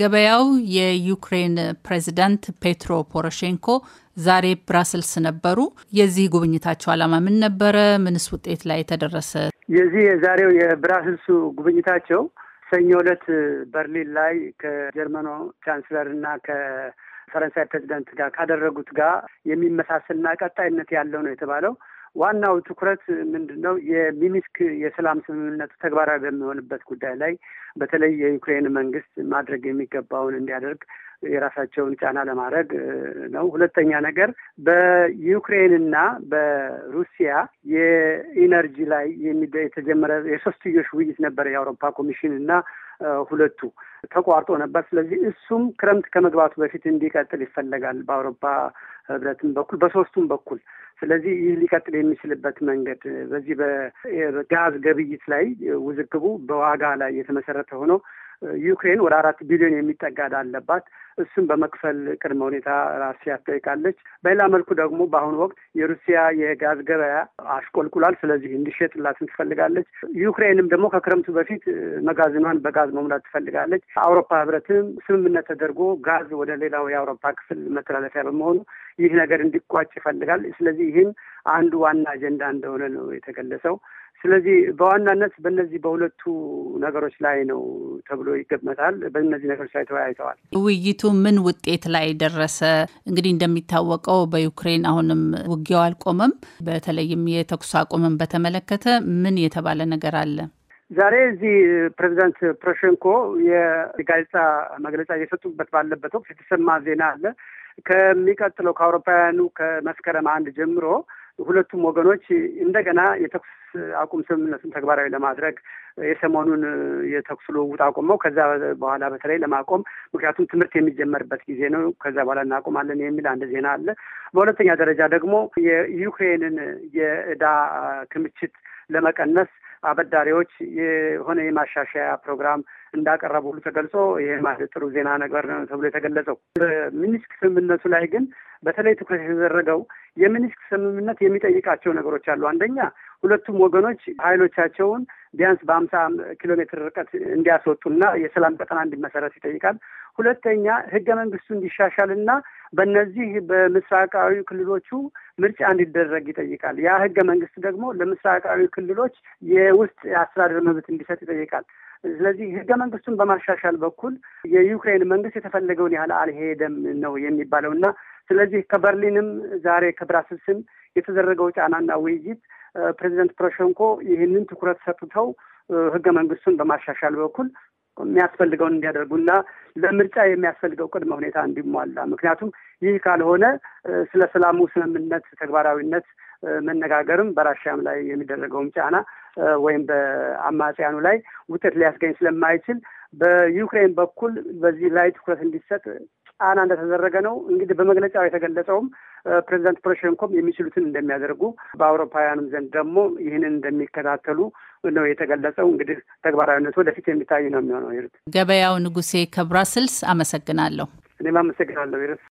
ገበያው የዩክሬን ፕሬዚዳንት ፔትሮ ፖሮሼንኮ ዛሬ ብራስልስ ነበሩ። የዚህ ጉብኝታቸው ዓላማ ምን ነበረ? ምንስ ውጤት ላይ ተደረሰ? የዚህ የዛሬው የብራስልሱ ጉብኝታቸው ሰኞ ዕለት በርሊን ላይ ከጀርመኖ ቻንስለር እና ከፈረንሳይ ፕሬዚዳንት ጋር ካደረጉት ጋር የሚመሳሰልና ቀጣይነት ያለው ነው የተባለው ዋናው ትኩረት ምንድን ነው? የሚኒስክ የሰላም ስምምነቱ ተግባራዊ በሚሆንበት ጉዳይ ላይ በተለይ የዩክሬን መንግስት ማድረግ የሚገባውን እንዲያደርግ የራሳቸውን ጫና ለማድረግ ነው። ሁለተኛ ነገር በዩክሬንና በሩሲያ የኢነርጂ ላይ የተጀመረ የሶስትዮሽ ውይይት ነበር የአውሮፓ ኮሚሽን እና ሁለቱ ተቋርጦ ነበር። ስለዚህ እሱም ክረምት ከመግባቱ በፊት እንዲቀጥል ይፈለጋል በአውሮፓ ህብረትም በኩል በሶስቱም በኩል ስለዚህ ይህ ሊቀጥል የሚችልበት መንገድ በዚህ በጋዝ ግብይት ላይ ውዝግቡ በዋጋ ላይ የተመሰረተ ሆኖ ዩክሬን ወደ አራት ቢሊዮን የሚጠጋ ዕዳ አለባት። እሱም በመክፈል ቅድመ ሁኔታ ራሲያ ትጠይቃለች። በሌላ መልኩ ደግሞ በአሁኑ ወቅት የሩሲያ የጋዝ ገበያ አሽቆልቁሏል። ስለዚህ እንዲሸጥላትን ትፈልጋለች። ዩክሬንም ደግሞ ከክረምቱ በፊት መጋዘኗን በጋዝ መሙላት ትፈልጋለች። አውሮፓ ህብረትም ስምምነት ተደርጎ ጋዝ ወደ ሌላው የአውሮፓ ክፍል መተላለፊያ በመሆኑ ይህ ነገር እንዲቋጭ ይፈልጋል። ስለዚህ ይህም አንዱ ዋና አጀንዳ እንደሆነ ነው የተገለጸው። ስለዚህ በዋናነት በእነዚህ በሁለቱ ነገሮች ላይ ነው ተብሎ ይገመታል። በእነዚህ ነገሮች ላይ ተወያይተዋል። ውይይቱ ምን ውጤት ላይ ደረሰ? እንግዲህ እንደሚታወቀው በዩክሬን አሁንም ውጊያው አልቆመም። በተለይም የተኩስ አቁምን በተመለከተ ምን የተባለ ነገር አለ? ዛሬ እዚህ ፕሬዚዳንት ፖሮሼንኮ የጋዜጣ መግለጫ እየሰጡበት ባለበት ወቅት የተሰማ ዜና አለ። ከሚቀጥለው ከአውሮፓውያኑ ከመስከረም አንድ ጀምሮ ሁለቱም ወገኖች እንደገና የተኩስ አቁም ስምምነቱን ተግባራዊ ለማድረግ የሰሞኑን የተኩስ ልውውጥ አቁመው ከዛ በኋላ በተለይ ለማቆም ምክንያቱም ትምህርት የሚጀመርበት ጊዜ ነው። ከዛ በኋላ እናቆማለን የሚል አንድ ዜና አለ። በሁለተኛ ደረጃ ደግሞ የዩክሬንን የእዳ ክምችት ለመቀነስ አበዳሪዎች የሆነ የማሻሻያ ፕሮግራም እንዳቀረቡ ሁሉ ተገልጾ ይህ ማለት ጥሩ ዜና ነገር ነው ተብሎ የተገለጸው። በሚኒስክ ስምምነቱ ላይ ግን በተለይ ትኩረት የተደረገው የሚኒስክ ስምምነት የሚጠይቃቸው ነገሮች አሉ። አንደኛ ሁለቱም ወገኖች ኃይሎቻቸውን ቢያንስ በአምሳ ኪሎ ሜትር ርቀት እንዲያስወጡና የሰላም ቀጠና እንዲመሰረት ይጠይቃል። ሁለተኛ ህገ መንግስቱ እንዲሻሻልና በእነዚህ በምስራቃዊ ክልሎቹ ምርጫ እንዲደረግ ይጠይቃል። ያ ህገ መንግስት ደግሞ ለምስራቃዊ ክልሎች የውስጥ የአስተዳደር መብት እንዲሰጥ ይጠይቃል። ስለዚህ ህገ መንግስቱን በማሻሻል በኩል የዩክሬን መንግስት የተፈለገውን ያህል አልሄደም ነው የሚባለው እና ስለዚህ ከበርሊንም ዛሬ ከብራስልስም የተደረገው ጫናና ውይይት ፕሬዚደንት ፖሮሸንኮ ይህንን ትኩረት ሰጥተው ህገ መንግስቱን በማሻሻል በኩል የሚያስፈልገውን እንዲያደርጉና ለምርጫ የሚያስፈልገው ቅድመ ሁኔታ እንዲሟላ፣ ምክንያቱም ይህ ካልሆነ ስለ ሰላሙ ስምምነት ተግባራዊነት መነጋገርም በራሻም ላይ የሚደረገውም ጫና ወይም በአማጽያኑ ላይ ውጤት ሊያስገኝ ስለማይችል በዩክሬን በኩል በዚህ ላይ ትኩረት እንዲሰጥ ጫና እንደተደረገ ነው እንግዲህ በመግለጫው የተገለጸውም ፕሬዚዳንት ፖሮሼንኮም የሚችሉትን እንደሚያደርጉ በአውሮፓውያንም ዘንድ ደግሞ ይህንን እንደሚከታተሉ ነው የተገለጸው። እንግዲህ ተግባራዊነቱ ወደፊት የሚታይ ነው የሚሆነው። ገበያው ንጉሴ ከብራስልስ አመሰግናለሁ። እኔም አመሰግናለሁ ይርስ